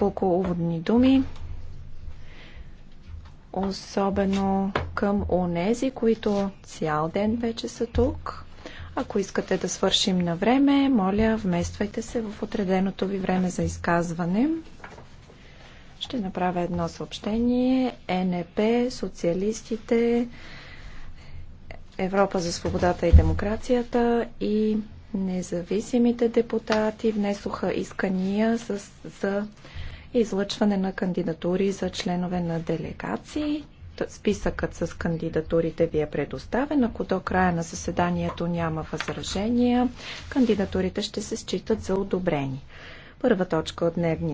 няколко уводни думи, особено към онези, които цял ден вече са тук. Ако искате да свършим на време, моля, вмествайте се в отреденото ви време за изказване. Ще направя едно съобщение. НП, социалистите, Европа за свободата и демокрацията и независимите депутати внесоха искания за, за излъчване на кандидатури за членове на делегации. Списъкът с кандидатурите ви е предоставен. Ако до края на заседанието няма възражения, кандидатурите ще се считат за одобрени. Първа точка от дневния